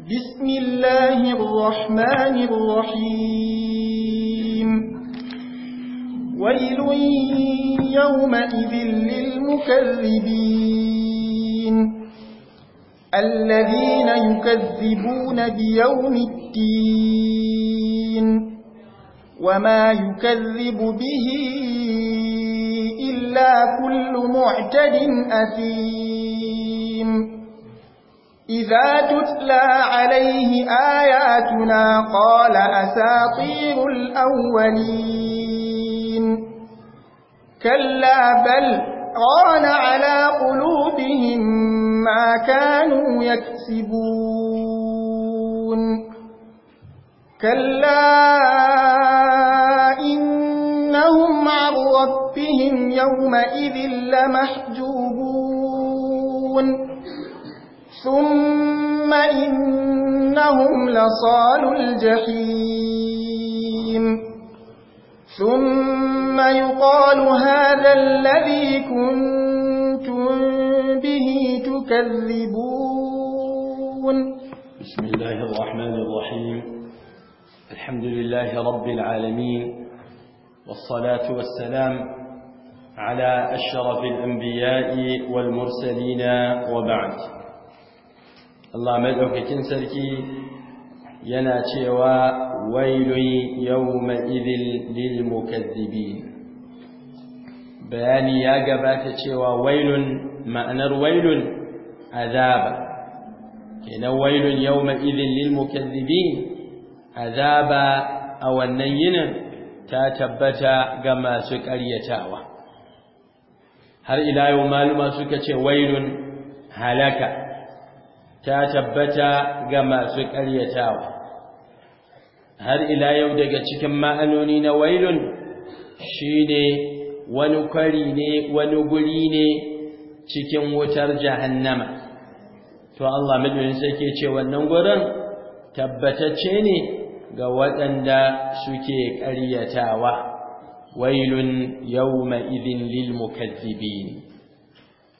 بسم الله الرحمن الرحيم ويل يومئذ للمكذبين الذين يكذبون بيوم الدين وما يكذب به إلا كل معتد أثيم إذا تتلى عليه آياتنا قال أساطير الأولين كلا بل ران على قلوبهم ما كانوا يكسبون كلا عذاب ربهم يومئذ لمحجوبون ثم إنهم لصال الجحيم ثم يقال هذا الذي كنتم به تكذبون بسم الله الرحمن الرحيم الحمد لله رب العالمين والصلاة والسلام على أشرف الأنبياء والمرسلين وبعد الله مدعوك كنسلكي يناتي ويل يومئذ للمكذبين بياني يا قباتيوا ويل مأنر ويل عذاب كنا ويل يومئذ للمكذبين عذاب أو النين ta tabbata ga masu ƙaryatawa har ila yau maluma suka ce wailun halaka ta tabbata ga masu ƙaryatawa har ila yau daga cikin ma'anoni na wailun shine wani kwari ne wani guri ne cikin wutar jahannama to Allah madaukakin sai ke ce wannan gurin tabbatacce ne ga waɗanda suke ƙaryatawa wailun yawma idhin lil A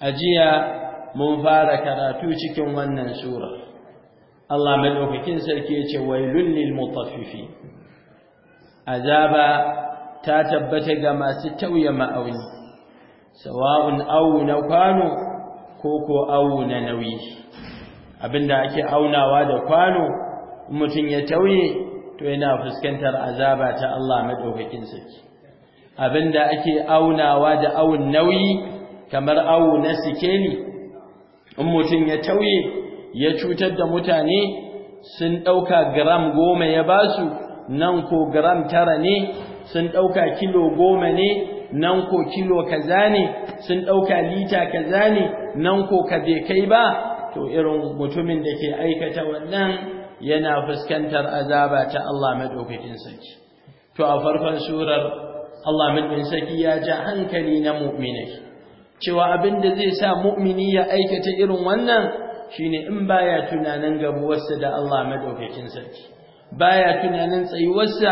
ajiya mun fara karatu cikin wannan sura Allah madaukakin sarki yace wailun lil mutaffifin azaba ta tabbata ga masu tauye ma'auni sawa'un auna kwano ko ko auna nauyi abinda ake aunawa da kwano mutum ya tauye to yana fuskantar azaba ta Allah madaukakin sarki abinda ake aunawa da awun nauyi kamar awu na sikeli in mutum ya tauye ya cutar da mutane sun dauka gram goma ya basu nan ko gram tara ne sun dauka kilo goma ne nan ko kilo kaza ne sun dauka lita kaza ne nan ko ka bai kai ba to irin mutumin da ke aikata wannan yana fuskantar azaba ta Allah madaukakin sarki to a farkon surar Allah madaukakin sarki ya ja hankali na mu'mini cewa abin da zai sa mu'mini ya aikata irin wannan shine in baya tunanin gabuwarsa da Allah madaukakin sarki baya tunanin tsayuwarsa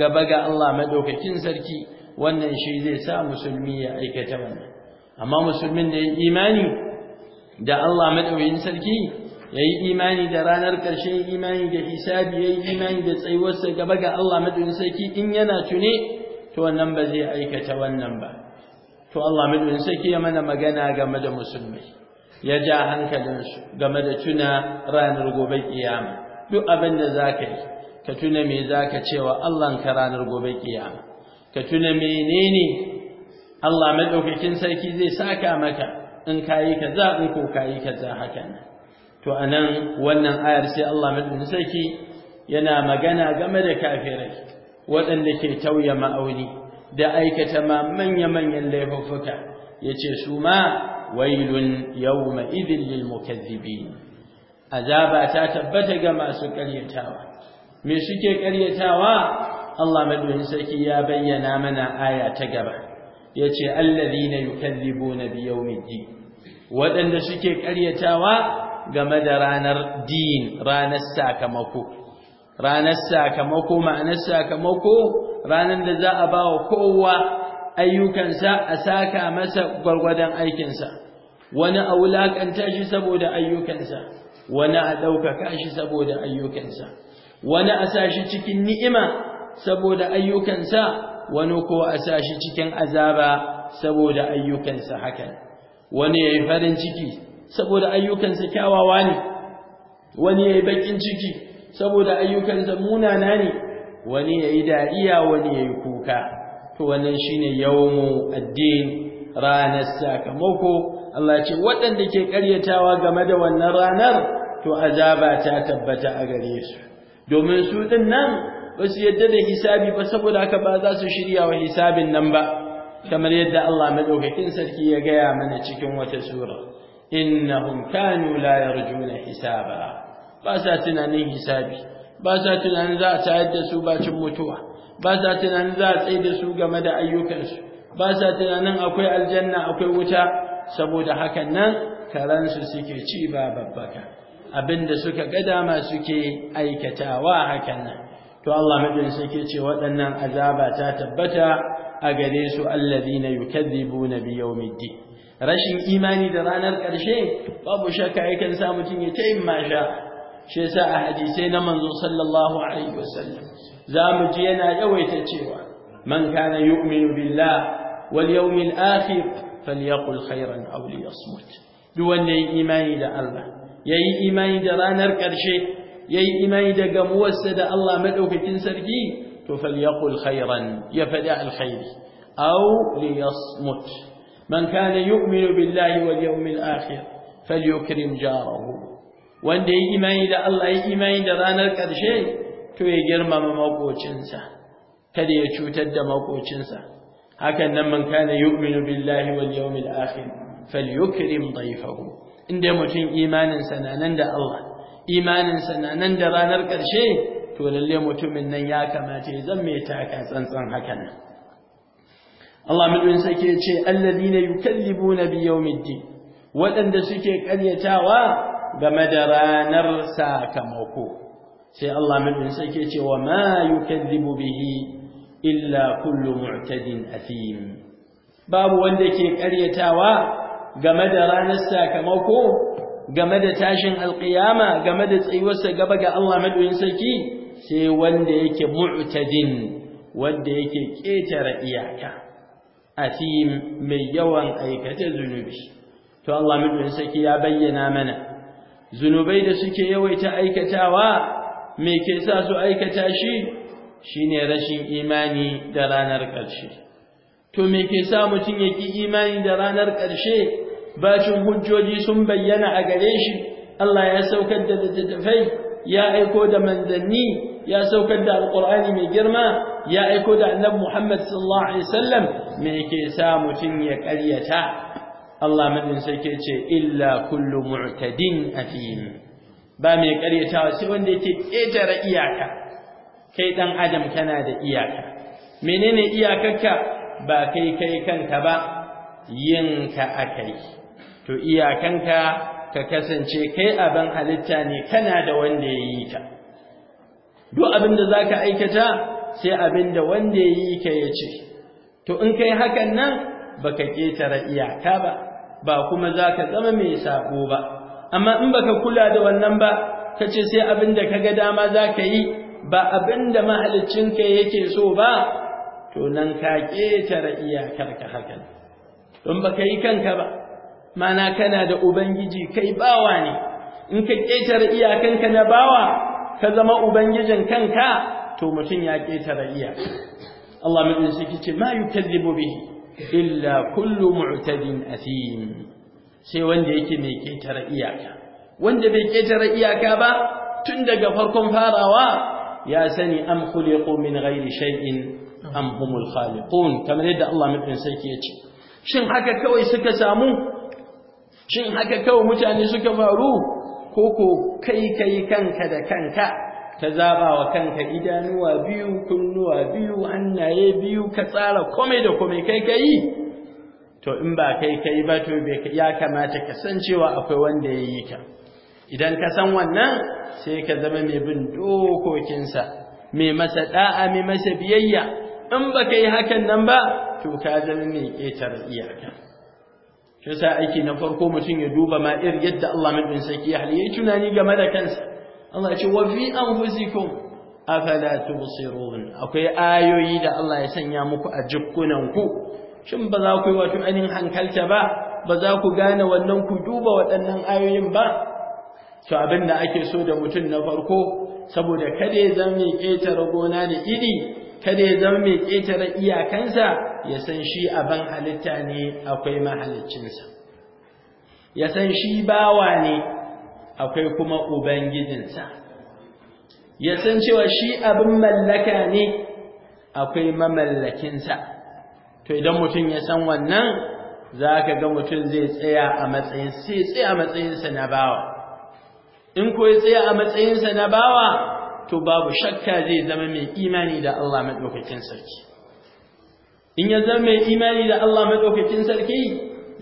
gaba ga Allah madaukakin sarki wannan shi zai sa musulmi ya aikata wannan amma musulmin da ya imani da Allah madaukakin sarki yayi imani da ranar ƙarshe imani da hisabi yayi imani da tsayuwarsa gaba ga Allah madani sarki in yana tune to wannan ba zai aikata wannan ba to Allah madani sarki ya mana magana game da musulmai ya ja hankalinsu game da tuna ranar gobe kiyama duk abin da zaka yi ka tuna me zaka cewa Allah ka ranar gobe kiyama ka tuna menene Allah madaukakin sarki zai saka maka in kayi kaza in ko kayi kaza hakan to anan wannan ayar sai Allah madadin sarki yana magana game da kafirai waɗanda ke tauya ma'auni da aikata ma manya-manyan laifuffuka yace su ma wailun yawma idhil lil mukaththibin azaba ta tabbata ga masu ƙaryatawa me suke ƙaryatawa Allah madadin sarki ya bayyana mana aya ta gaba yace alladhina yukaththibuna biyawmiddin waɗanda suke ƙaryatawa game da ranar din ranar sakamako ranar sakamako ma'anar sakamako ranar da za a ba wa kowa ayyukansa a saka masa gwargwadon aikinsa wani a wulaƙanta shi saboda ayyukansa wani a ɗaukaka shi saboda ayyukansa wani a sa shi cikin ni'ima saboda ayyukansa wani ko a sa shi cikin azaba saboda ayyukansa hakan wani ya yi farin ciki saboda ayyukansa kyawawa ne wani yayi bakin ciki saboda ayyukansa munana ne wani yi dariya wani yayi kuka to wannan shine yawonmu, addin ranar sakamako Allah ce waɗanda ke ƙaryatawa game da wannan ranar to azaba ta tabbata a gare su domin su ɗin nan ba su yadda da hisabi ba saboda haka ba za su shirya wa hisabin nan ba kamar yadda Allah maɗaukakin sarki ya gaya mana cikin wata sura innahum kanu la yarjuna hisaba ba sa tunanin hisabi ba sa tunanin za a tayar da su bacin mutuwa ba sa tunanin za a tsaye da su game da ayyukansu ba sa tunanin akwai aljanna akwai wuta saboda hakan nan karansu suke ci ba babbaka abinda suka ga dama suke aikatawa hakan nan to Allah sai ke ce waɗannan azaba ta tabbata a gare su alladhina yukadzibuna biyawmiddin rashin imani da ranar ƙarshe babu shakka yakan sa mutum ya ta yin masha shi yasa a hadisai na manzo sallallahu alaihi wasallam za mu ji yana yawaita cewa man kana yu'minu billah wal yawmil akhir falyaqul khairan aw liyasmut duk wanda yayi imani da Allah yayi imani da ranar ƙarshe yayi imani da gamuwarsa da Allah madaukakin sarki to falyaqul khairan ya fada alkhairi aw liyasmut من كان يؤمن بالله واليوم الآخر فليكرم جاره wanda ya imani da Allah ya imani da ranar ƙarshe to ya girmama makocinsa kada ya cutar da makocinsa hakan nan man kana yu'minu billahi wal yawmil akhir falyukrim dayfahu inda mutum imanin sa nan da Allah imanin sa nan da ranar ƙarshe to lalle mutumin nan ya kamata zan mai taka tsantsan hakan Allah mulkin sarki ya ce alladhina yukallibuna bi yawmiddin waɗanda suke karyatawa game da ranar sakamako sai Allah mulkin sarki ya ce wa ma yukallibu bihi illa kullu mu'tadin athim babu wanda ke karyatawa game da ranar sakamako game da tashin alƙiyama game da tsayuwarsa gaba ga Allah maɗoyin sarki sai wanda yake mu'tadin wanda yake ƙetare iyaka athim mai yawan aikata zunubi to Allah mutum saki ya bayyana mana zunubai da suke yawaita aikatawa me ke sa su aikata shi shine rashin imani da ranar ƙarshe to me ke sa mutum yake imani da ranar ƙarshe bacin hujjoji sun bayyana a gare shi Allah ya saukar da littattafai ya aiko da manzanni ya saukar da alqur'ani mai girma ya aiko da annabi Muhammad sallallahu alaihi wasallam me yake sa mutum ya ƙaryata Allah madin sai ke ce illa kullu mu'tadin athim ba mai ƙaryatawa sai wanda yake ƙetare iyaka kai dan adam kana da iyaka menene iyakarka ba kai kai kanka ba yinka akai to iyakanka ka kasance kai abin halitta ne kana da wanda ya yi ka duk abin da za ka aikata sai abin da wanda ya yi ka ya ce to in kai hakan nan ba ka ƙetare iyaka ba ba kuma za ka zama mai sako ba amma in baka kula da wannan ba ka ce sai abin da ka ga dama za ka yi ba abin da mahaliccinka yake so ba to nan ka ƙetare iyakarka hakan don ba ka yi kanka ba mana kana da ubangiji kai bawa ne in ka ƙetare iyakanka na bawa ka zama ubangijin kanka to mutum ya ƙetare iya Allah mai sai kice ma yukallimu bihi illa kullu mu'tadin athim sai wanda yake mai ƙetare iyaka wanda bai ƙetare iyaka ba tun daga farkon farawa ya sani am khuliqu min ghairi shay'in am humul khaliqun kamar yadda Allah mutum sarki yace shin haka kawai suka samu shin haka kawai mutane suka faru ko ko kai kai kanka da kanka ta zaba wa kanka idanuwa biyu kunnuwa biyu hannaye biyu ka tsara komai da komai kai kai to in ba kai kai ba to ya kamata ka san cewa akwai wanda ya yi ka idan ka san wannan sai ka zama mai bin dokokinsa mai masa da'a mai masa biyayya in ba ka yi hakan nan ba to ka zama mai ƙetare iyaka shi sa aiki na farko mutum ya duba ma yadda Allah mai din saki ya yi tunani game da kansa Allah ya ce wa fi anfusikum afala tubsirun akwai ayoyi da Allah ya sanya muku a jikkunan ku shin ba za ku yi wato anin hankalta ba ba za ku gane wannan ku duba waɗannan ayoyin ba to abin da ake so da mutum na farko saboda kada ya zama mai ƙetare gona da iri kada ya zama mai ƙetare iyakansa ya san shi abin halitta ne akwai mahaliccinsa ya san shi bawa ne akwai kuma ubangijinsa ya san cewa shi abin mallaka ne akwai mamallakinsa to idan mutum ya san wannan za ka ga mutum zai tsaya a matsayin sai tsaya a matsayinsa na bawa in ko ya tsaya a matsayinsa na bawa to babu shakka zai zama mai imani da Allah maɗaukakin sarki in ya zama mai imani da Allah madaukakin sarki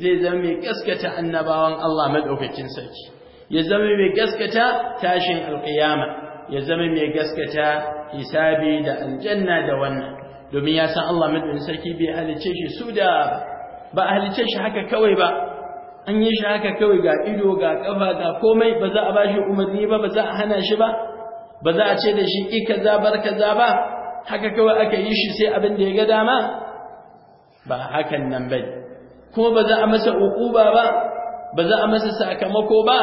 zai zama mai gaskata annabawan Allah madaukakin sarki ya zama mai gaskata tashin alkiyama ya zama mai gaskata hisabi da aljanna da wannan domin ya san Allah madaukakin sarki bai halice shi su da ba halice shi haka kawai ba an yi shi haka kawai ga ido ga kafa ga komai ba za a bashi umarni ba ba za a hana shi ba ba za a ce da shi ki kaza bar kaza ba haka kawai aka yi shi sai abin da ya ga dama ba hakan nan bane ko ba za a masa uquba ba ba za a masa sakamako ba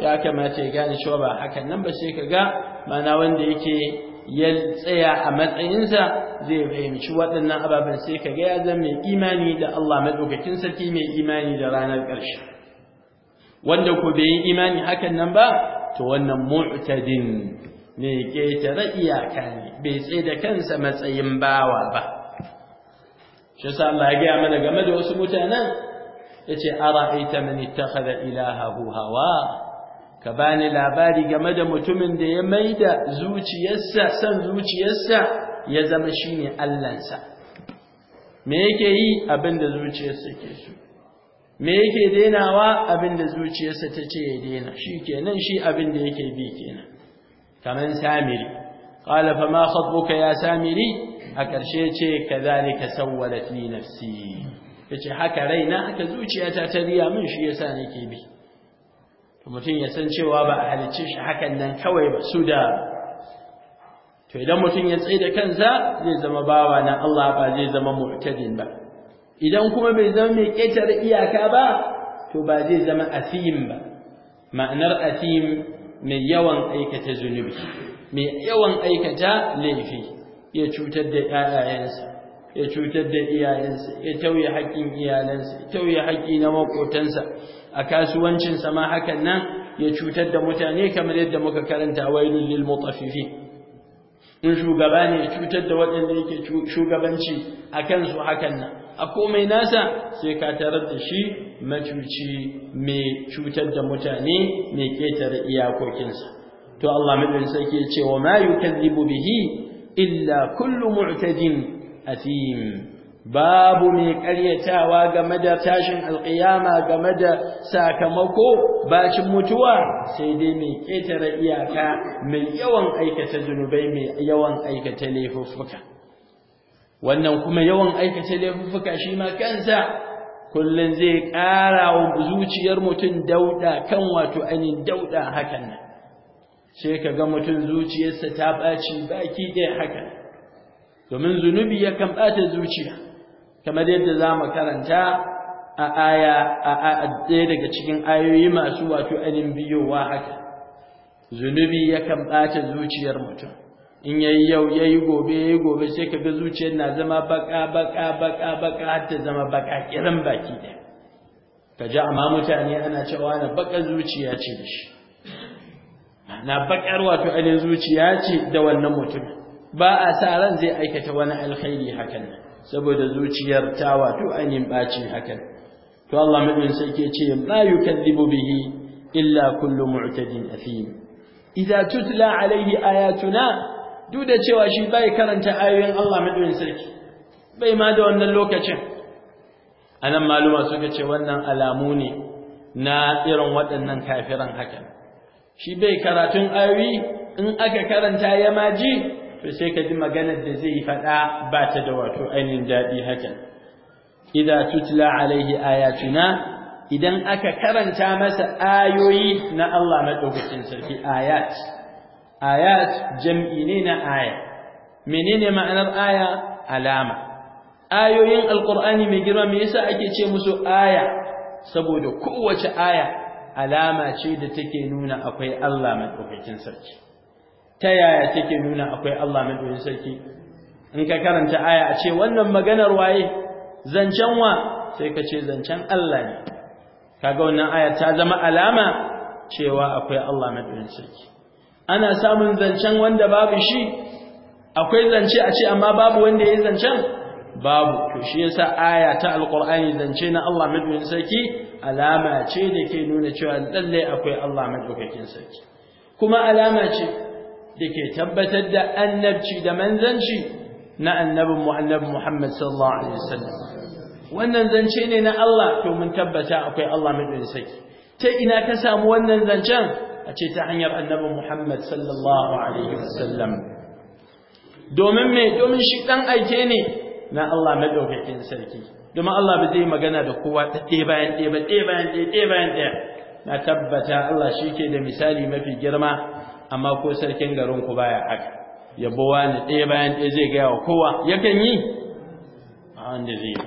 ya kamata ya gane shi ba hakan nan ba sai kaga mana wanda yake ya tsaya a matsayinsa zai fahimci waɗannan ababen sai kaga ya zama mai imani da Allah madaukakin sarki mai imani da ranar ƙarshe wanda ko bai yi imani hakan nan ba to wannan mu'tadin ne ketare iyaka ne bai tsaye da kansa matsayin bawa ba shi yasa Allah ya gaya mana game da wasu mutanen yace ara'aita man ittakhadha ilahahu hawa ka bani labari game da mutumin da ya maida zuciyarsa san zuciyarsa ya zama shine allansa me yake yi abin da zuciyarsa ke so me yake denawa abin da zuciyarsa ta ce ya dena shikenan shi abin da yake bi kenan kaman samiri qala fama khatbuka ya samiri a ƙarshe ce kazalika sawwalat li nafsi yace haka raina haka zuciyata ta riya min shi yasa ke bi to mutum ya san cewa ba a halicci shi hakan nan kawai ba su da to idan mutum ya tsaye da kansa zai zama bawa na Allah ba zai zama mu'tadin ba idan kuma bai zama mai ƙetare iyaka ba to ba zai zama asim ba ma'anar asim mai yawan aikata zunubi mai yawan aikata laifi ya cutar da ƴaƴayensa ya cutar da iyayensa ya tauye haƙƙin iyalansa ya tauye haƙƙi na makotansa a kasuwancinsa ma hakan nan ya cutar da mutane kamar yadda muka karanta wailul lil mutaffifin in shugaba ne cutar da waɗanda yake shugabanci a kansu hakan nan a komai nasa sai ka tarar da shi macuci mai cutar da mutane mai ƙetare iyakokinsa to Allah madin sarki ya ce wa ma yukadzibu bihi illa kullu mu'tadin athim babu mai karyatawa game da tashin alqiyama game da sakamako bacin mutuwa sai dai mai ketare iyaka mai yawan aikata zunubai mai yawan aikata laifuffuka wannan kuma yawan aikata laifuffuka shi ma kansa Kullum zai ƙara wa zuciyar mutum dauda kan wato ainin dauda hakan nan sai ka ga mutum zuciyarsa ta ɓaci baki ɗaya haka domin zunubi yakan ɓata zuciya kamar yadda za mu karanta a aya a ɗaya daga cikin ayoyi masu wato anin biyowa haka zunubi yakan ɓata zuciyar mutum in yayi yau yayi gobe yayi gobe sai ga zuciyar na zama baka baka baka baka har ta zama baka kiran baki da kaji amma mutane ana cewa na baƙa zuciya ce da shi na bakar wato ainihin zuciya ce da wannan mutum ba a sa ran zai aikata wani alkhairi hakan saboda zuciyar ta wato ainihin bacin hakan to Allah madin sai ke ce ma yukallibu bihi illa kullu mu'tadin afim idza tutla alaihi ayatuna duk da cewa shi bai karanta ayoyin Allah madin sarki bai ma da wannan lokacin anan maluma suka ce wannan alamu ne na irin waɗannan kafiran hakan shi bai karatun ayoyi in aka karanta ya maji to sai ka ji maganar da zai faɗa ba ta da wato ainihin daɗi hakan idza tutla alaihi ayatuna idan aka karanta masa ayoyi na Allah madaukakin sarki ayat ayat jam'i ne na aya menene ma'anar aya alama ayoyin alqur'ani mai girma me yasa ake ce musu aya saboda kowace aya alama ce da take nuna akwai Allah madaukakin sarki ta yaya take nuna akwai Allah madaukakin sarki in ka karanta aya a ce wannan maganar waye zancen wa sai ka ce zancen Allah ne kaga wannan aya ta zama alama cewa akwai Allah madaukakin sarki ana samun zancen wanda babu shi akwai zance a ce amma babu wanda yi zancen babu to shi yasa aya ta alqur'ani zance na Allah madaukakin sarki alama ce da ke nuna cewa lallai akwai Allah madaukakin sarki kuma alama ce da ke tabbatar da annabci da manzanci na annabin mu Muhammad sallallahu alaihi wasallam wannan zance ne na Allah to mun tabbata akwai Allah madaukakin sarki ta ina ka samu wannan zancen a ce ta hanyar annabin Muhammad sallallahu alaihi wasallam domin me domin shi dan aike ne na Allah madaukakin sarki kuma Allah ba zai magana da kowa ɗe bayan ɗe, ba ɗe bayan ɗe, ɗe bayan ɗaya na tabbata Allah shi ke da misali mafi girma amma ko sarkin garin ku baya haka yabo wani ɗe bayan ɗaya zai gaya wa kowa yakan yi a wanda zai yi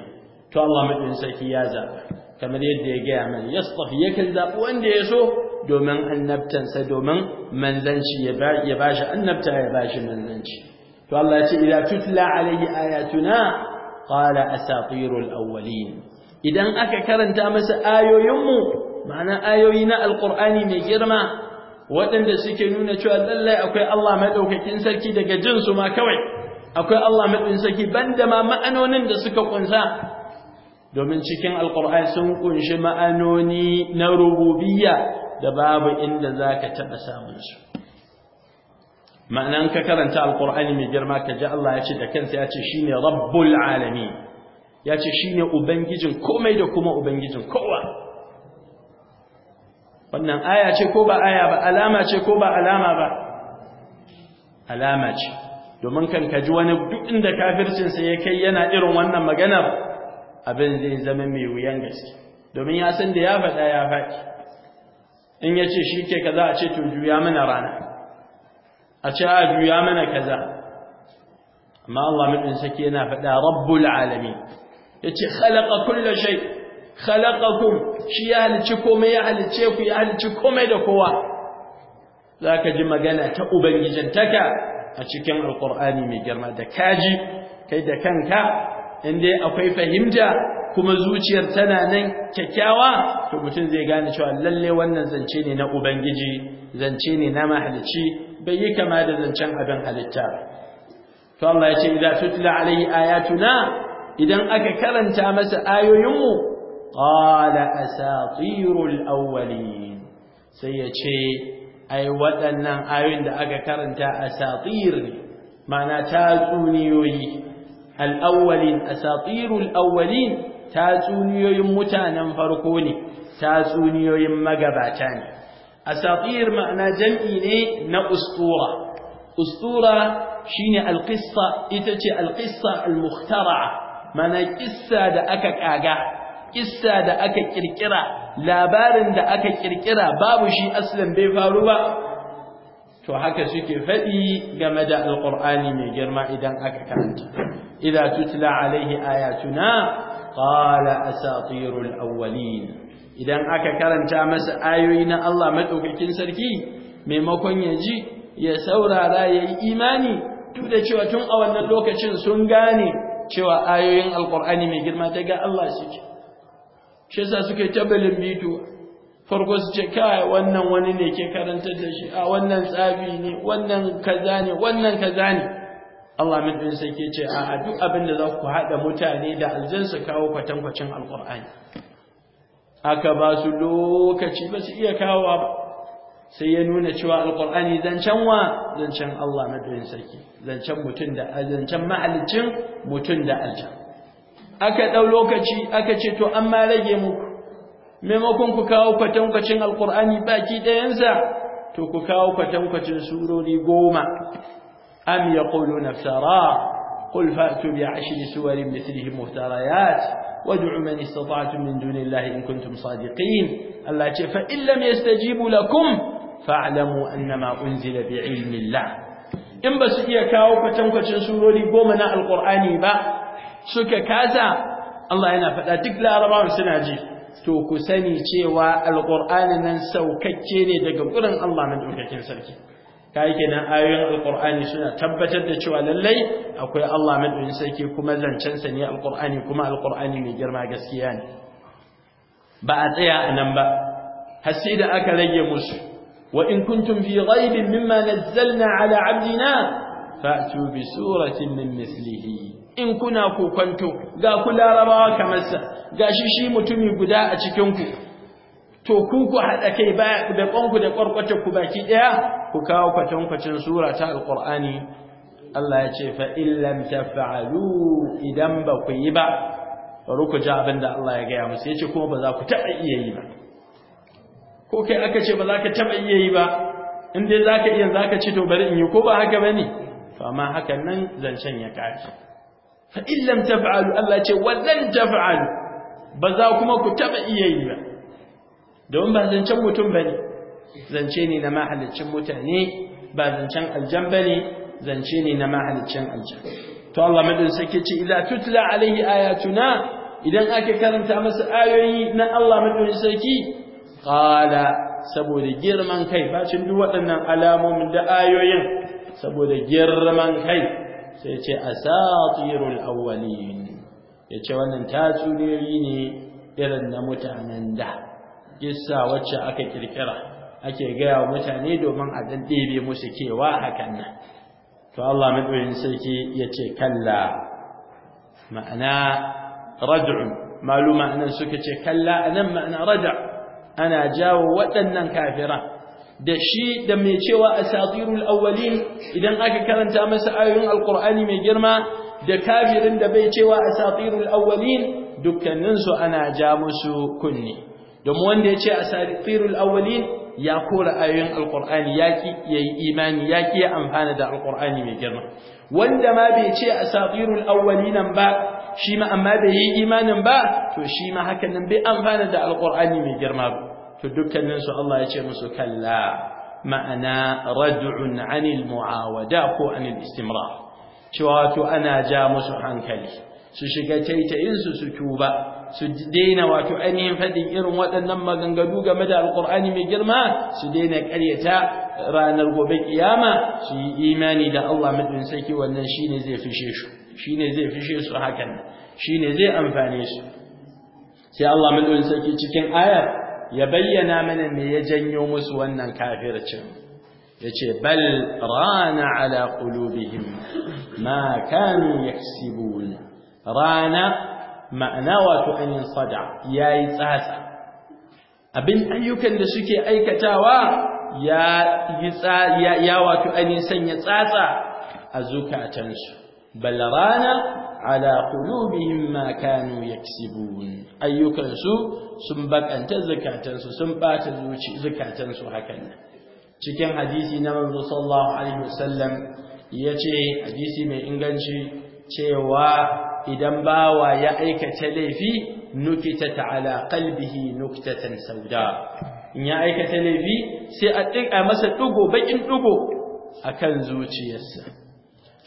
to Allah madaukakin sarki ya zaɓa kamar yadda ya gaya mana yastafi yakan zaɓi wanda ya so domin annabtansa domin manzanci ya ba shi annabta ya ba shi manzanci to Allah ya ce aya tutla alayhi ayatuna qala asatirul awwalin idan aka karanta masa ayoyinmu ma'ana ayoyi na alqur'ani mai girma waɗanda suke nuna cewa lallai akwai Allah madaukakin sarki daga jinsu ma kawai akwai Allah madaukakin sarki banda ma ma'anonin da suka kunsa domin cikin alqur'ani sun kunshi ma'anoni na rububiyya da babu inda zaka taba samun su ma'anan ka karanta Alƙur'ani mai girma ka ji Allah ya ce da kansa ya ce shi ne rabbul alami. ya ce shi ne ubangijin komai da kuma ubangijin kowa wannan aya ce ko ba aya ba alama ce ko ba alama ba alama ce domin kan ka ji wani duk inda kafircinsa ya kai yana irin wannan maganar abin zai zama mai wuyan gaske domin ya san da ya faɗa ya faɗi in ya ce shi ke ka za a ce to juya mana rana a ce a juya mana kaza amma Allah mutum sake yana faɗa rabbul alami yace kulle shai, shay kun. shi ya halici komai ya halice ku ya halici komai da kowa zaka ji magana ta Ubangijantaka? a cikin alkur'ani mai girma da kaji kai da kanka dai akwai fahimta kuma zuciyar tana nan kyakkyawa to mutum zai gane cewa lalle wannan zance ne na ubangiji zance ne na mahalici bai yi kama da zancen abin halitta to Allah ya ce idza tutla alaihi ayatuna idan aka karanta masa ayoyinmu qala asatirul awwalin sai ya ce ai waɗannan ayoyin da aka karanta asatir ne ma'ana tatsuniyoyi al-awwalin asatirul awwalin tatsuniyoyin mutanen farko ne tatsuniyoyin magabata ne asatir ma'ana jam'i ne na ustura ustura shine alqissa ita ce alqissa almukhtara'a ma'ana kissa da aka kaga ƙisa da aka ƙirƙira, labarin da aka ƙirƙira. babu shi asalin bai faru ba to haka suke faɗi game da Alƙur'ani mai girma idan aka karanta idza tutla alaihi ayatuna qala asatirul awwalin idan aka karanta masa ayoyi na Allah madaukakin sarki maimakon ya ji ya saurara ya yi imani duk da cewa tun a wannan lokacin sun gane cewa ayoyin alkur'ani mai girma daga Allah suke shi yasa suka yi tabalin bitu farko su ce kai wannan wani ne ke karantar da shi a wannan tsafi ne wannan kaza ne wannan kaza ne Allah ɗin sai ke ce a duk abin da za ku haɗa mutane da aljansu kawo kwatankwacin alkur'ani aka ba su lokaci ba su iya kawo ba sai ya nuna cewa alqur'ani zancen wa zancen Allah doyin sarki zancen mutun da zancen mahalicin mutun da aljan aka dau lokaci aka ce to amma rage muku maimakon ku kawo kwatankwacin alqur'ani baki sa, to ku kawo kwatankwacin surori goma am yaquluna iftara قل فأتوا بعشر سور مثله مفتريات وادعوا من استطعتم من دون الله إن كنتم صادقين الله يقول فإن لم يستجيبوا لكم فاعلموا أنما أنزل بعلم الله إن بس إيكاو فتنكتن سوري قومنا القرآن با سكا كذا الله ينا فلا تقلى ربان سناجي to ku sani cewa alqur'anin nan saukakke ne daga gurin Allah madaukakin sarki kai kenan ayoyin alqur'ani suna tabbatar da cewa lallai akwai Allah madaukakin sarki kuma zancen sa ne alqur'ani kuma alqur'ani mai girma gaskiya ne ba a tsaya anan ba har sai da aka rage musu wa in kuntum fi ghaibin mimma nazzalna ala abdina fa'tu bi suratin min mislihi in kuna kokonto ga ku larabawa kamar sa gashi shi mutumi guda a cikin ku to ku ku haɗa kai baya ku da ƙwanku da ƙwarƙwatar ku baki ɗaya ku kawo kwatankwacin sura ta alƙur'ani Allah ya ce fa illam taf'alu idan ba ku yi ba bari ku ja abin da Allah ya gaya musu ya ce kuma ba za ku taɓa iya yi ba ko kai aka ce ba za ka taɓa iya yi ba in dai za ka iya za ka ce to bari in yi ko ba haka ba ne to amma hakan nan zancen ya ƙare fa illam taf'alu Allah ya ce wa lan taf'alu ba za kuma ku taɓa iya yi ba domin ba zancen mutum ba ne zance ne na mahalicin mutane ba zancen aljan ba ne zance ne na mahalicin aljan to Allah madin sake ce idza tutla alaihi ayatuna idan aka karanta masa ayoyi na Allah madin sake qala saboda girman kai bacin duk waɗannan alamomin da ayoyin saboda girman kai sai ce asatirul awwalin yace wannan tatsuriyoyi ne irin na mutanen da kissa wacce aka kirkira ake gaya wa mutane domin a dan musu kewa hakan nan to Allah madoyin sarki yace kalla ma'ana rad'u maluma anan suka ce kalla anan ma'ana rad'a ana jawo waɗannan kafiran da shi da mai cewa asatirul awwalin idan aka karanta masa ayoyin alqur'ani mai girma da kafirin da bai cewa asatirul awwalin dukkanin su ana ja musu kunni domin wanda ya ce a sarifirul awali, ya kora ayoyin alqur'ani ya yayi imani yaki ya amfana da alqur'ani mai girma wanda ma bai ce a sarifirul awwalin ba shi ma amma bai yi imanin ba to shi ma hakan nan bai amfana da alkur'ani mai girma ba to dukkanin su Allah ya ce musu kalla ma'ana rad'un 'anil mu'awada ko 'anil istimrar cewa to ana ja musu hankali su shiga taitayinsu su tuba su daina wato ainihin faɗin irin waɗannan maganganu game da alƙur'ani mai girma su daina ƙaryata ranar gobe iyama, su yi imani da Allah madin saki wannan ne zai fishe su ne zai fishe su hakan ne zai amfane su sai Allah madin saki cikin aya ya bayyana mana me ya janyo musu wannan kafircin yace bal rana ala qulubihim ma kanu yaksibun rana ma'ana wato ainihin sada ya yi tsatsa abin ayyukan da suke aikatawa ya wato ainihin sanya tsatsa a zukatansu bal rana ala qulubihim ma kanu yaksibun ayyukansu sun bakanta zukatansu sun bata zuci zukatansu hakan cikin hadisi na Manzo sallallahu alaihi wasallam yace hadisi mai inganci cewa idan bawa ya aikata laifi nukitata ala qalbihi nuktatan sauda in ya aikata laifi sai a dinka masa dugo bakin dugo akan zuciyarsa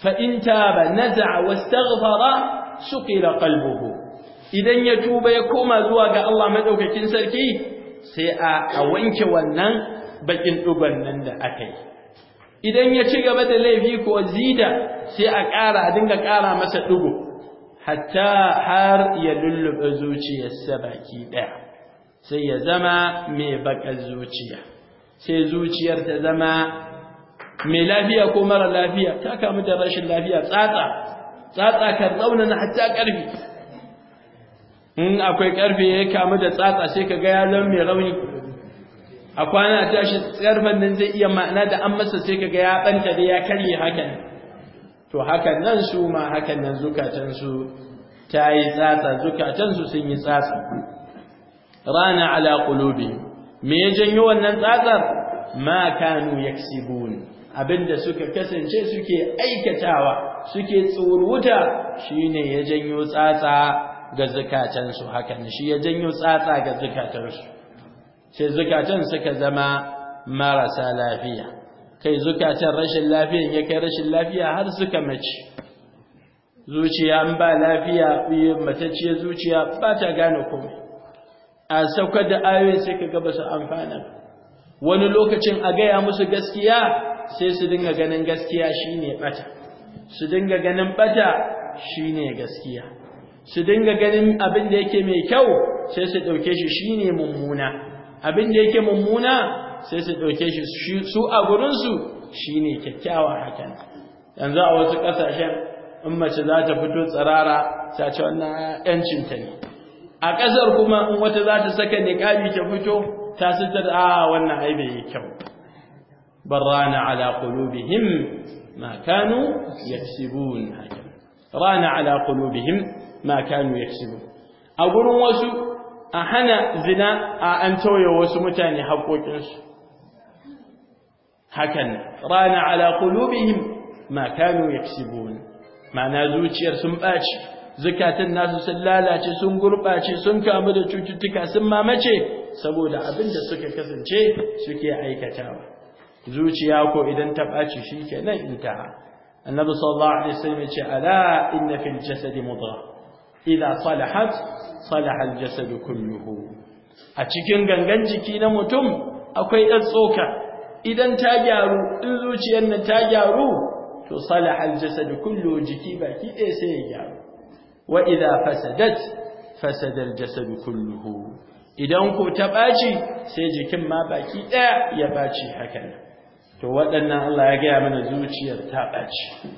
fa in taba naza'a wastaghfara suqila qalbuhu idan ya tuba ya koma zuwa ga Allah madaukakin sarki sai a wanke wannan bakin dugon nan da aka yi idan ya ci gaba da laifi ko zida sai a ƙara a dinga ƙara masa dugo hatta har ya lullube zuciyarsa baki ɗaya, sai ya zama mai bakar zuciya sai zuciyar ta zama mai lafiya ko mara lafiya ta kamu da rashin lafiya tsatsa tsatsa kan tsaunana hatta karfi in akwai ƙarfe ya kamu da tsatsa sai ka gaya zama mai rauni a kwana tashi tsarfan zai iya ma'ana da an masa sai ga ya banta da ya karye hakan to hakan nan su ma hakan nan zukatansu ta yi tsatsa zukatansu sun yi tsatsa rana ala qulubi me ya janyo wannan tsatsar ma kanu yaksibun abinda suka kasance suke aikatawa suke tsuruta shine ya janyo tsatsa ga zukatansu hakan shi ya janyo tsatsa ga zukatansu sai zukatan suka zama marasa lafiya kai zukatan rashin lafiyan ya kai rashin lafiya har suka mace zuciya an ba lafiya matacciya zuciya ba ta gane komai a saukar da ayoyi sai ka gaba su amfana wani lokacin a gaya musu gaskiya sai su dinga ganin gaskiya shine bata su dinga ganin bata shine gaskiya su dinga ganin abin da yake mai kyau sai su dauke shi shine mummuna abin da yake mummuna sai su ɗauke shi su a gurinsu shi ne kyakkyawa hakan yanzu a wasu ƙasashen in mace za ta fito tsirara ta ce wannan ‘yancinta ne a ƙasar kuma in wata za ta saka niƙabi ta fito ta sita a wannan ai bai kyau. kyau rana ala qulubihim ma kanu yaksibun hakan rana ala qulubihim ma kanu yaksibun a gurin wasu a hana zina a an tauye wasu mutane haƙoƙinsu hakan rana ala qulubihim ma kanu yaksibun ma'ana zuciyar sun baci zakatun nasu sun lalace sun gurbace sun kamu da cututtuka sun mamace saboda abin da suka kasance suke aikatawa zuciya ko idan ta baci shikenan intaha annabi sallallahu alaihi wasallam ya ce ala inna fil jasadi mudghah idza salahat salaha al jasad kulluhu a cikin gangan jiki na mutum akwai ɗan tsoka idan ta gyaru in zuciyar nan ta gyaru to salahal jasad kullu jiki baki ɗaya sai ya gyaru wa idza fasadat fasada al jasad kulluhu idan ko ta baci sai jikin ma baki ɗaya ya baci hakan to waɗannan Allah ya gaya mana zuciyar ta baci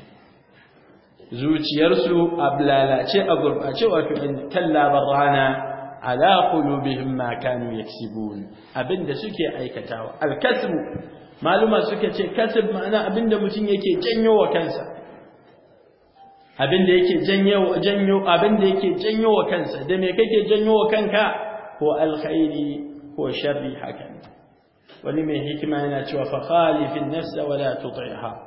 zuciyarsu a lalace a gurɓace wato in talla rana. على قلوبهم ما كانوا يكسبون أبن دا سكي أي كتاو الكسب معلومة سكي كسب معنى أبن دا متين يكي جنيو وكنسا أبن دا يكي جنيو وجنيو أبن دا يكي جنيو وكنسا دم يكي جنيو وكنكا هو الخير هو شر حكا ولم يحكم أن فخالف النفس ولا تطعها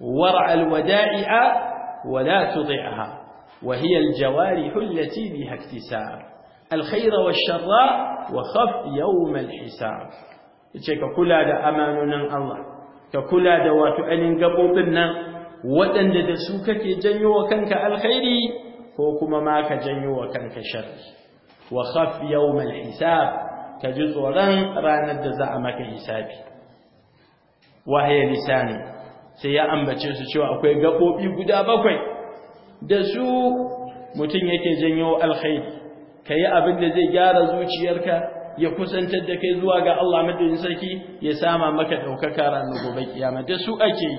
ورع الودائع ولا تطعها وهي الجوارح التي بها اكتساب alkhaira wa sharra wa khaf yace ka kula da amanonin Allah ka kula da wato ainihin gabobin nan waɗanda da su kake janyo wa kanka alkhairi ko kuma ma ka janyo wa kanka sharri wa khaf yawmal hisab ka ji tsoron ranar da za a maka hisabi wahaya lisani sai ya ambace su cewa akwai gabobi guda bakwai da su mutum yake janyo alkhairi ka yi abin da zai gyara zuciyarka ya kusantar da kai zuwa ga Allah madadin sarki ya sama maka ɗaukaka ranar gobe kiyama da su ake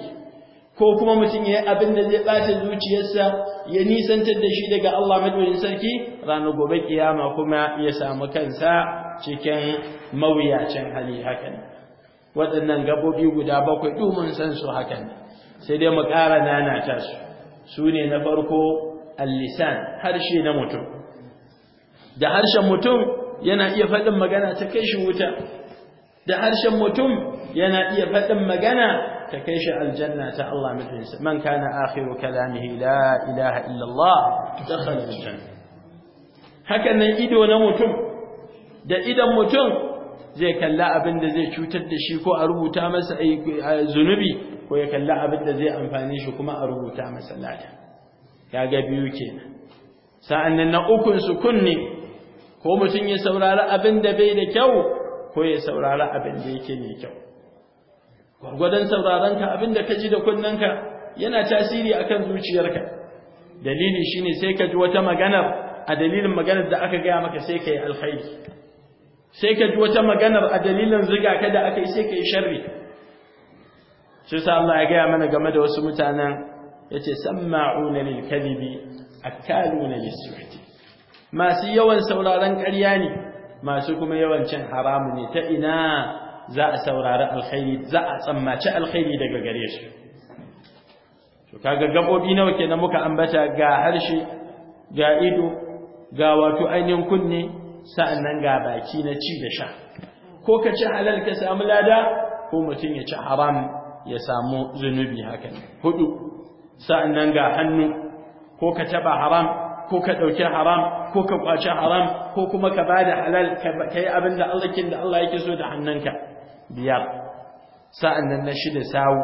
ko kuma mutum ya yi abin da zai bata zuciyarsa ya nisantar da shi daga Allah madadin sarki ranar gobe kiyama kuma ya samu kansa cikin mawuyacin hali hakan waɗannan gabobi guda bakwai dumin san su hakan sai dai mu ƙara nanata su su ne na farko al-lisan harshe na mutum da harshen mutum yana iya faɗin magana ta kai shi wuta da harshen mutum yana iya faɗin magana ta kai shi aljanna ta Allah mutunsa man kana akhiru kalamihi la ilaha illa Allah dakhala aljanna hakan nan ido na mutum da idan mutum zai kalla abin da zai cutar da shi ko a rubuta masa zunubi ko ya kalla abin da zai amfani shi kuma a rubuta masa lada kaga biyu kenan sa'an na ukun su kunne ko mutum ya saurari abin da bai da kyau ko ya saurari abin da yake mai kyau gwargwadon sauraronka abin da ka ji da kunnenka yana tasiri a kan zuciyarka dalili shine sai ka ji wata maganar a dalilin maganar da aka gaya maka sai ka yi alkhairi sai ka ji wata maganar a dalilin ziga ka da aka yi sai ka yi sharri shi sa Allah ya gaya mana game da wasu mutanen yace sama'una lil kadhibi akaluna lis-suhti masu yawan sauraron ƙarya ne masu kuma yawan cin haramu ne ta ina za a saurari alkhairi za a tsammaci alkhairi daga gare shi to kaga gabobi nawa kenan muka ambata ga harshe ga ido ga wato ainihin kunne sa'annan ga baki na ci da sha ko ka ci halal ka samu lada ko mutum ya ci haram ya samu zunubi hakan hudu sa'annan ga hannu ko ka taba haram ko ka ɗauki haram ko ka kwaci haram ko kuma ka ba da halal ka yi abin da Allah da Allah yake so da hannunka biyar sa'an nan na shida sawu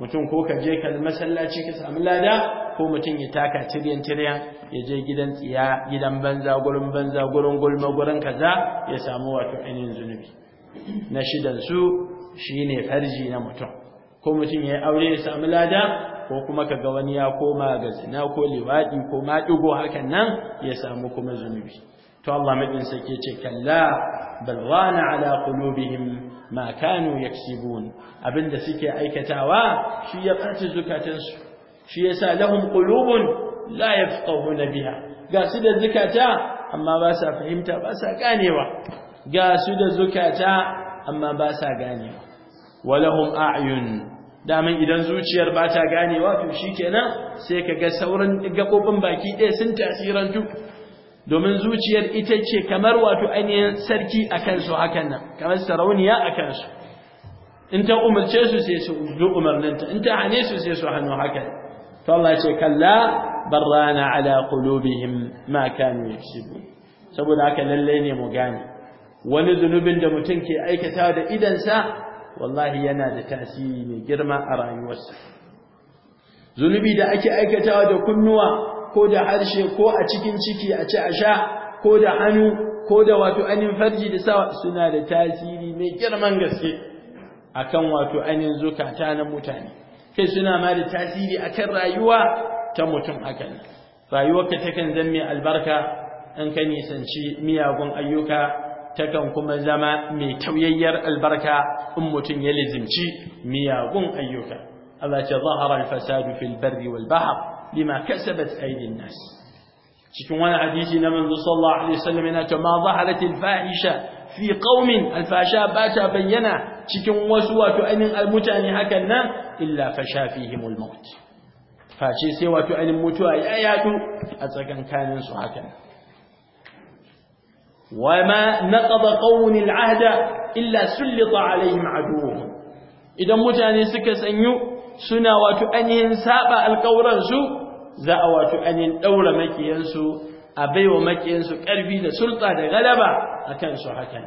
mutum ko ka je ka masallaci ka samu lada ko mutum ya taka tiryan tiryan ya je gidan tsiya gidan banza gurin banza gurin gulma gurin kaza ya samu wato ainihin zunubi na shidan su shine farji na mutum ko mutum ya yi aure ya samu lada ko kuma ka ga wani ya koma ga zina ko liwadi ko maɗigo hakan nan ya samu kuma zunubi to Allah madin sake ce kalla bal wana ala qulubihim ma kanu yaksibun abinda suke aikatawa shi ya ɓaci su shi yasa lahum qulubun la yafqahuna biha ga su da zukata amma ba sa fahimta ba sa ganewa ga su da zukata amma ba sa ganewa walahum a'yun daman idan zuciyar ba ta ganewa to shi kenan sai ka ga sauran gaɓoɓin baki ɗaya sun tasirantu domin zuciyar ita ce kamar wato ainihin sarki a kansu hakan nan kamar sarauniya a kansu in ta umarce su sai su bi umarninta in ta hane su sai su hannu hakan to Allah ce kalla barrana ala qulubihim ma kanu yaksubun saboda haka lalle ne mu gane wani zunubin da mutum ke aikata da sa. wallahi yana da tasiri mai girma a rayuwarsa zunubi da ake aikatawa da kunnuwa ko da harshe ko a cikin ciki a ci a sha ko da hannu ko da wato ainihin farji da sawa suna da tasiri mai girman gaske akan wato ainihin zukata na mutane kai suna ma da tasiri akan rayuwa ta mutum hakan rayuwarka takan zan mai albarka in ka nisanci miyagun ayyuka takan kuma zama mai tauyayyar albarka in mutum ya lizimci miyagun ayyuka Allah ce zahara al-fasadu fil barri wal bahr bima kasabat aydin nas cikin wani hadisi na manzo sallallahu alaihi wasallam yana cewa ma zaharat al-fahisha fi qaumin al-fasha ba ta bayyana cikin wasu wato ainin mutane hakan nan illa fasha fihim al-maut face sai wato ainin mutuwa ya yato a tsakankanin su hakan وما نقض قون ahda illa سلط عليهم عدوهم idan mutane suka sanyu suna wato ainihin saɓa alƙawuran su za a wato ainihin ɗaura makiyan a baiwa makiyansu ƙarfi da sulta da galaba a kansu hakan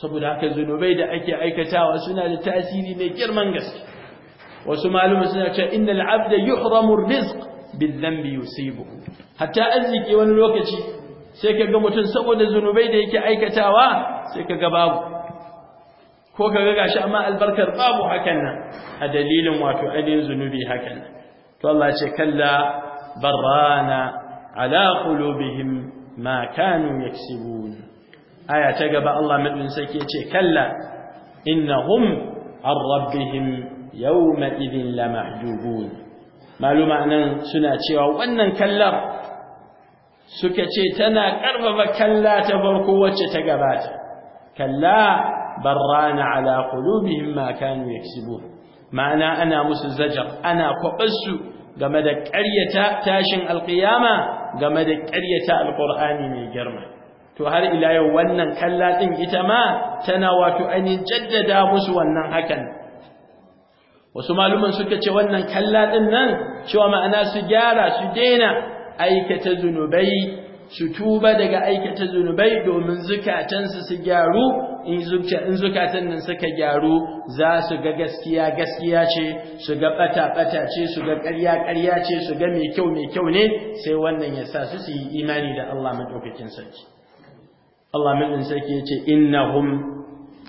saboda haka zunubai da ake aikatawa suna da tasiri mai girman gaske wasu malumin suna cewa innal abda yuhramu rizq bil sai yusibuhu hatta arziki wani lokaci sai kaga mutum saboda zunubai da yake aikatawa sai kaga babu ko kaga gashi amma albarkar babu hakan nan a dalilin wato ainihin zunubi hakan nan to Allah ce kalla barana ala qulubihim ma kanu yaksibun aya ta gaba Allah madin sake ce kalla innahum ar rabbihim yawma idhin lamahjubun maluma nan suna cewa wannan kallar suka ce tana karfafa kalla ta farko wacce ta gabata kalla barrana ala qulubihim ma kanu yaksubun ma'ana ana musu zajar ana kwabarsu game da ƙaryata tashin alƙiyama game da ƙaryata alƙur'ani mai girma to har ila yau wannan kalla din ita ma tana wato ainihin jaddada musu wannan hakan wasu maluman suka ce wannan kalla din nan cewa ma'ana su gyara su daina aikata zunubai su tuba daga aikata zunubai domin zukatansu su gyaru in zukatan nan suka gyaru za su ga gaskiya gaskiya ce su ga bata bata ce su ga ƙarya ƙarya ce su ga mai kyau mai kyau ne sai wannan ya sa su su yi imani da Allah madaukakin sarki Allah madaukakin sarki yace innahum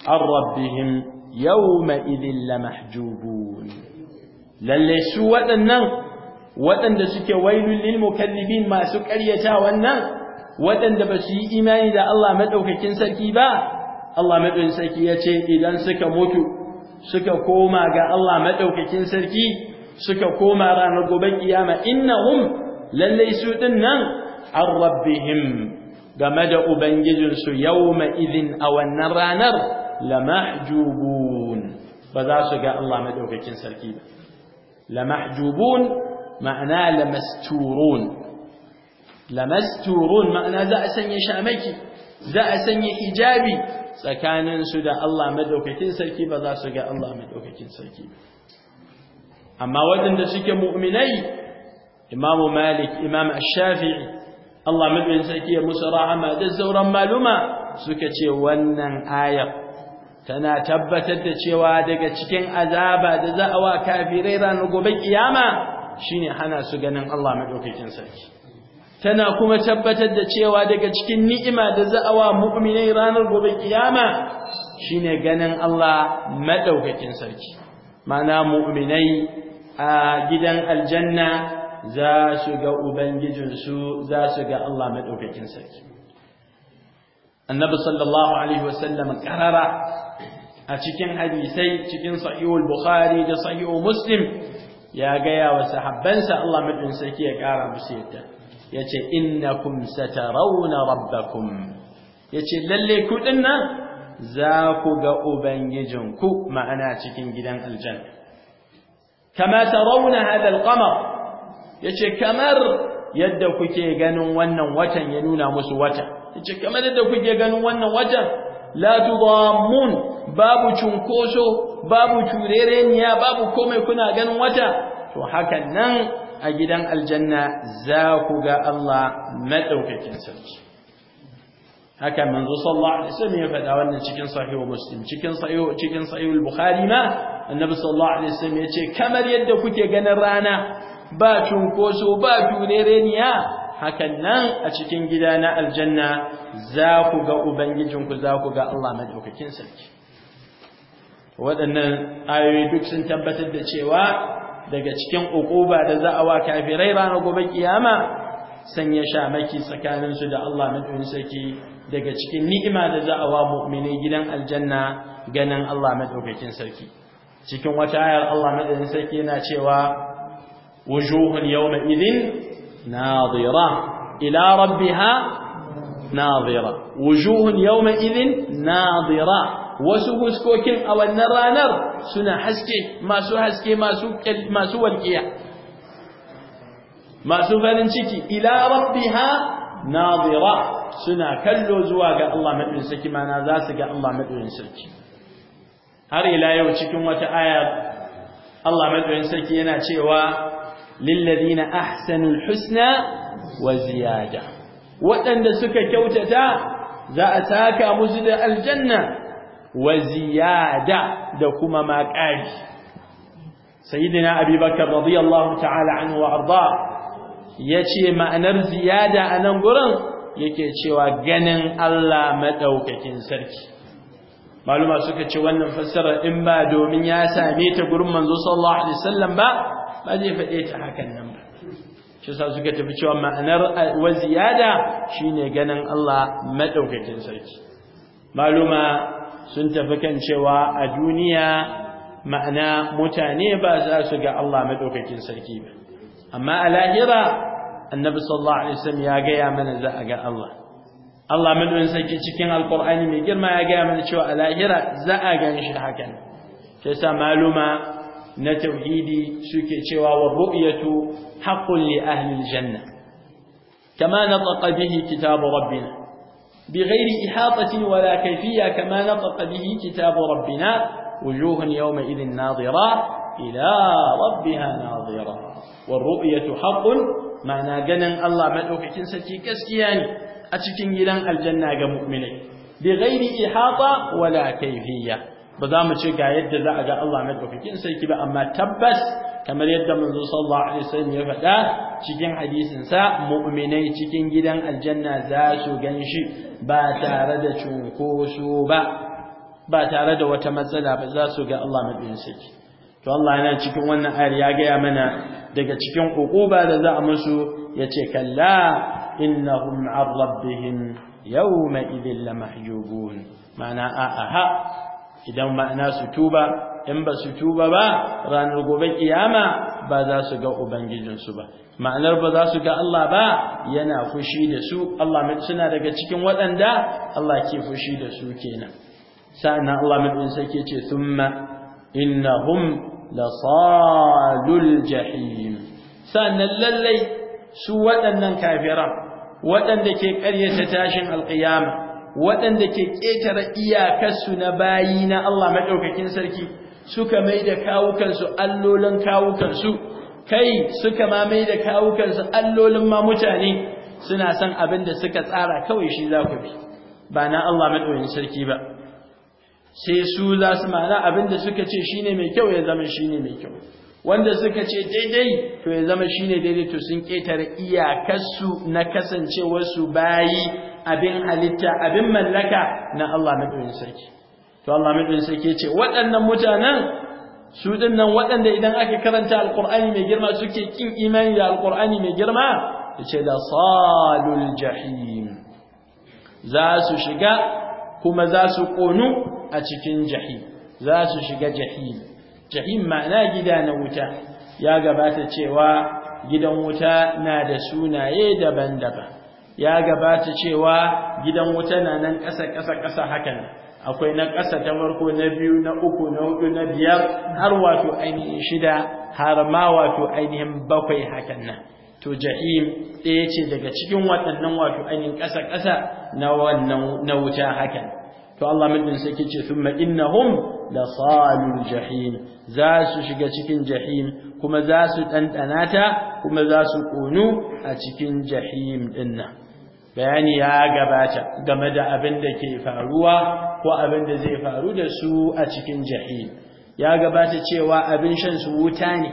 an rabbihim yawma idhil lamahjubun lalle su waɗannan waɗanda suke wailul lil mukallibin masu ƙaryata wannan waɗanda ba su yi imani da Allah madaukakin sarki ba Allah madaukakin sarki ya ce idan suka mutu suka koma ga Allah madaukakin sarki suka koma ranar gobe kiyama innahum lalle su din nan an rabbihim game da ubangijinsu yawma idhin a wannan ranar lamahjubun ba za su ga Allah madaukakin sarki ba lamahjubun ma'ana lamasturun lamasturun ma'ana za a sanya shamaki za a sanya hijabi tsakaninsu da Allah madaukakin sarki ba za su ga Allah madaukakin sarki amma waɗanda suke mu'minai Imam Malik Imam Ash-Shafi'i Allah madaukakin sarki ya musu rahama da zauran maluma suka ce wannan ayar tana tabbatar da cewa daga cikin azaba da za a wa kafirai ranar gobe kiyama shine hana su ganin Allah madaukakin sarki tana kuma tabbatar da cewa daga cikin ni'ima da za'awa mu'minai ranar gobe kiyama shine ganin Allah madaukakin sarki mana mu'minai a gidan aljanna za su ga ubangijinsu za su ga Allah madaukakin sarki annabi sallallahu alaihi wasallam karara a cikin hadisai cikin sahihul bukhari da sahihul muslim ya gaya wa sahabbansa Allah madin sarki ya kara musu yadda yace innakum satarawna rabbakum yace lalle ku dinnan za ku ga Ubangijin ku? ma'ana cikin gidan aljanna kama tarawna hada alqamar yace kamar yadda kuke ganin wannan watan ya nuna musu wata yace kamar yadda kuke ganin wannan watan la tudammun babu cunkoso babu curereniya babu komai kuna ganin wata to hakan nan a gidan aljanna za ku ga Allah madaukakin sarki haka manzo sallallahu alaihi wasallam ya faɗa wannan cikin sahih muslim cikin sahih cikin al bukhari ma annabi sallallahu alaihi wasallam ya ce kamar yadda kuke ganin rana ba cunkoso ba curereniya hakan nan a cikin gida na aljanna za ku ga ubangijinku za ku ga Allah maɗaukakin sarki waɗannan ayoyi duk sun tabbatar da cewa daga cikin uquba da za a wa kafirai ranar gobe kiyama sanya shamaki tsakaninsu da Allah madaukakin sarki daga cikin ni'ima da za a wa mu'mini gidan aljanna ganin Allah maɗaukakin sarki cikin wata ayar Allah madaukakin sarki yana cewa wujuhun yawma idin ناظرة إلى ربها ناظرة وجوه يومئذ ناظرة كوكين أو نر سنا حسكي ما سو حسكي ما سو ما سو والكيا ما سو فلنشكي إلى ربها ناظرة سنا كلو زواج الله سكي ما نازاسك الله من هر إلى يوم تكون وتآيات الله من سكي yana و lillazina ahsanul husna wa ziyada waɗanda suka kyautata za a saka musu da aljanna wa ziyada da kuma ma ƙari sayyidina abubakar radiyallahu ta'ala anhu wa ya ce ma'anar ziyada a nan gurin yake cewa ganin Allah maɗaukakin sarki maluma suka ce wannan fassara in ba domin ya same ta gurin manzo sallallahu alaihi wasallam ba ba zai faɗe ta hakan nan ba shi sa suka tafi cewa ma'anar waziyada shine ganin Allah madaukakin sarki maluma sun tafi kan cewa a duniya ma'ana mutane ba za su ga Allah madaukakin sarki ba amma a lahira annabi sallallahu alaihi wasallam ya gaya mana za a ga Allah Allah madaukakin sarki cikin alqur'ani mai girma ya gaya mana cewa a lahira za a gan shi hakan sai sa maluma na tauhidi suke cewa wa ru'yatu haqqun li ahli aljanna kama nataqa bihi بغير إحاطة ولا كيفية كما نطق به كتاب ربنا وجوه يومئذ ناظرة إلى ربها ناظرة والرؤية حق معنى جنن الله مدعوك كنسكي كسكياني أتكين جلن الجنة مؤمنين بغير إحاطة ولا كيفية ba za mu ce ga yadda za a ga Allah madaukakin sarki ba amma tabbas kamar yadda manzo sallallahu alaihi wasallam ya faɗa cikin hadisin sa mu'minai cikin gidan aljanna za su ganshi ba tare da cunkoso ba ba tare da wata matsala ba za su ga Allah madaukakin sarki to Allah yana cikin wannan ayar ya gaya mana daga cikin ukuba da za a musu yace kalla innahum an rabbihim yawma idhil lamahjubun ma'ana a'a idan ma'ana su tuba in ba su tuba ba ranar gobe kiyama ba za su ga ubangijinsu ba ma'anar ba za su ga Allah ba yana fushi da su Allah suna daga cikin waɗanda Allah ke fushi da su kenan sa'annan Allah madin sake ce thumma innahum lasalul jahim sa'annan lallai su waɗannan kafiran waɗanda ke ƙaryata tashin alƙiyama waɗanda ke ƙetare iyakarsu na bayi na Allah maɗaukakin sarki suka mai da kawukansu allolin kawukansu kai suka ma mai da kawukansu allolin ma mutane suna son abin da suka tsara kawai shi za ku bi ba na Allah maɗaukakin sarki ba sai su za su mana abin da suka ce shine mai kyau ya zama shine mai kyau wanda suka ce daidai to ya zama shine daidai to sun ƙetare iyakarsu na kasancewarsu bayi abin halitta abin mallaka na Allah madaukakin sarki to Allah madaukakin sarki yace waɗannan mutanen su dinnan waɗanda idan aka karanta alqur'ani mai girma suke kin imani da alqur'ani mai girma yace da salul jahim za su shiga kuma za su konu a cikin jahim za su shiga jahim jahim ma'ana gida na wuta ya gabata cewa gidan wuta na da sunaye daban-daban ya gabata cewa gidan wuta na nan ƙasa ƙasa ƙasa hakan akwai na ƙasa ta farko na biyu na uku na hudu na biyar har wato ainihin shida har ma wato ainihin bakwai hakan nan to jahim ɗaya ce daga cikin waɗannan wato ainihin ƙasa ƙasa na wannan na wuta hakan to Allah mutum sai ke ce thumma innahum la salul jahim za su shiga cikin jahim kuma za su ɗanɗana ta kuma za su ƙonu a cikin jahim ɗin nan bayani ya gabata game da abin da ke faruwa ko abin da zai faru da su a cikin jahil ya gabata cewa abin shan su wuta ne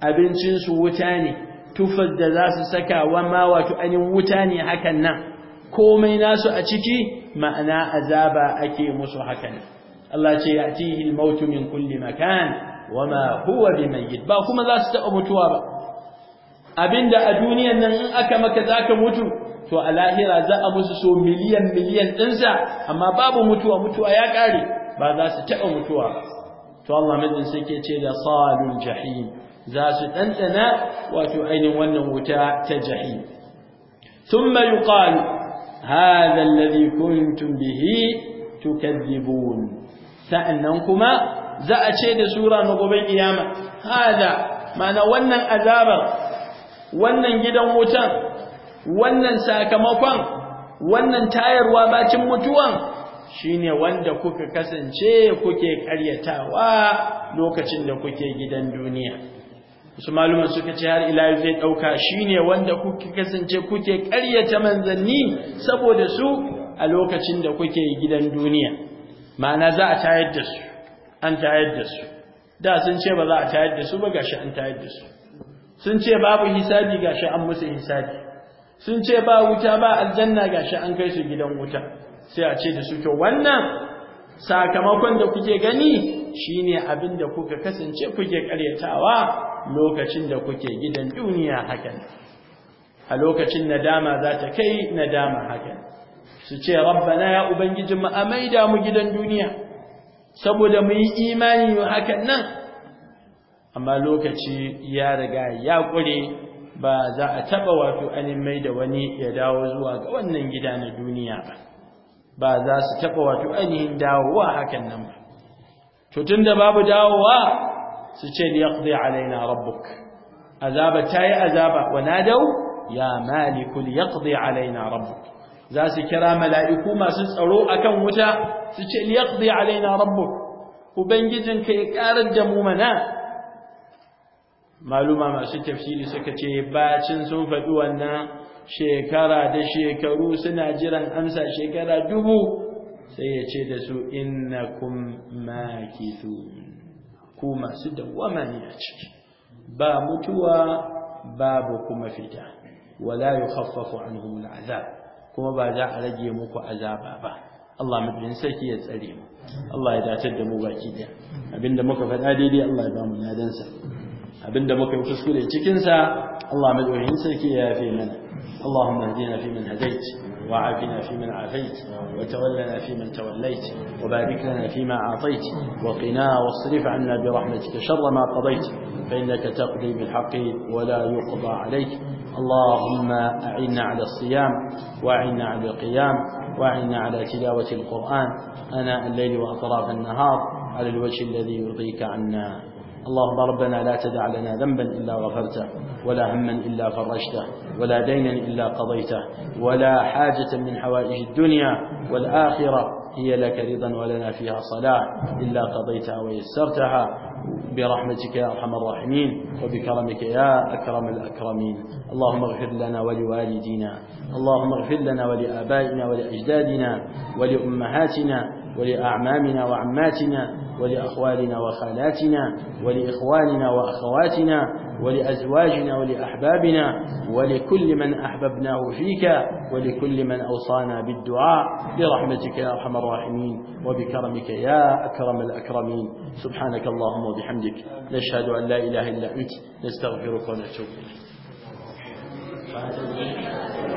abincin su wuta ne tufar da za su saka wa wato anin wuta ne hakan nan komai nasu a ciki ma'ana azaba ake musu hakan Allah ce ya al-maut min kulli makan wama huwa bimayyit ba kuma za su taɓa mutuwa ba abinda a duniyan nan in aka maka zaka mutu to a lahira za a musu so miliyan miliyan ɗinsa amma babu mutuwa mutuwa ya ƙare ba za su taɓa mutuwa to Allah madin sai ke ce da salul jahim za su ɗanɗana wato ainihin wannan wuta ta jahim thumma yuqalu hadha alladhi kuntum bihi tukadhibun sa'annan kuma za a ce da sura na gobe kiyama hada ma'ana wannan azabar wannan gidan wutan wannan sakamakon wannan tayarwa bacin mutuwan shine wanda kuka kasance kuke karyatawa lokacin da kuke gidan duniya su maluman suka ce har ila zai dauka shine wanda kuka kasance kuke karyata manzanni saboda su a lokacin da kuke gidan duniya ma'ana za a tayar da su an tayar da su da sun ce ba za a tayar da su ba gashi an tayar da su sun ce babu hisabi gashi an musu hisabi sun ce ba wuta ba aljanna gashi an kai su gidan wuta sai a ce da su to wannan sakamakon da kuke gani shine abin da kuka kasance kuke karyatawa lokacin da kuke gidan duniya hakan a lokacin nadama za ta kai nadama hakan su ce rabbana ya ubangiji mu amaida mu gidan duniya saboda mu yi imani hakan nan amma lokaci ya riga ya kure ba za a taba wato anin mai da wani ya dawo zuwa ga wannan gida na duniya ba ba za su taba wato ainihin dawowa hakan nan ba to da babu dawowa su ce li yaqdi alaina rabbuk azaba tayi azaba wa nadaw ya maliku li yaqdi alaina rabbuk za su kira mala'iku masu tsaro akan wuta su ce li yaqdi alaina rabbuk ubangijinka ya karar da mu mana maluma masu tafsiri suka ce bacin sun faɗi wannan shekara da shekaru suna jiran amsa shekara dubu sai ya ce da su innakum makithun ku masu dawwama ne a ciki ba mutuwa babu kuma fita wala yukhaffafu anhum al'azab kuma ba za a rage muku azaba ba Allah madin saki ya tsare mu Allah ya dace da mu baki daya abinda muka faɗa daidai Allah ya ba mu ladansa أبن دمك وكسكولي تكنسا الله مدعوهين سيكي في من اللهم اهدنا في من هديت وعافنا في من عافيت وتولنا في من توليت وبارك لنا فيما عطيت وقنا واصرف عنا برحمتك شر ما قضيت فإنك تقضي بالحق ولا يقضى عليك اللهم أعنا على الصيام وأعنا على القيام وأعنا على تلاوة القرآن أنا الليل وأطراف النهار على الوجه الذي يرضيك عنا اللهم ربنا لا تدع لنا ذنبا إلا غفرته ولا هما إلا فرجته ولا دينا إلا قضيته ولا حاجة من حوائج الدنيا والآخرة هي لك رضا ولنا فيها صلاح إلا قضيتها ويسرتها برحمتك يا أرحم الراحمين وبكرمك يا أكرم الأكرمين اللهم اغفر لنا ولوالدينا اللهم اغفر لنا ولآبائنا ولأجدادنا ولأمهاتنا ولأعمامنا وعماتنا ولأخوالنا وخالاتنا ولإخواننا وأخواتنا ولأزواجنا ولأحبابنا ولكل من أحببناه فيك ولكل من أوصانا بالدعاء برحمتك يا أرحم الراحمين وبكرمك يا أكرم الأكرمين سبحانك اللهم وبحمدك نشهد أن لا إله إلا أنت نستغفرك ونتوب إليك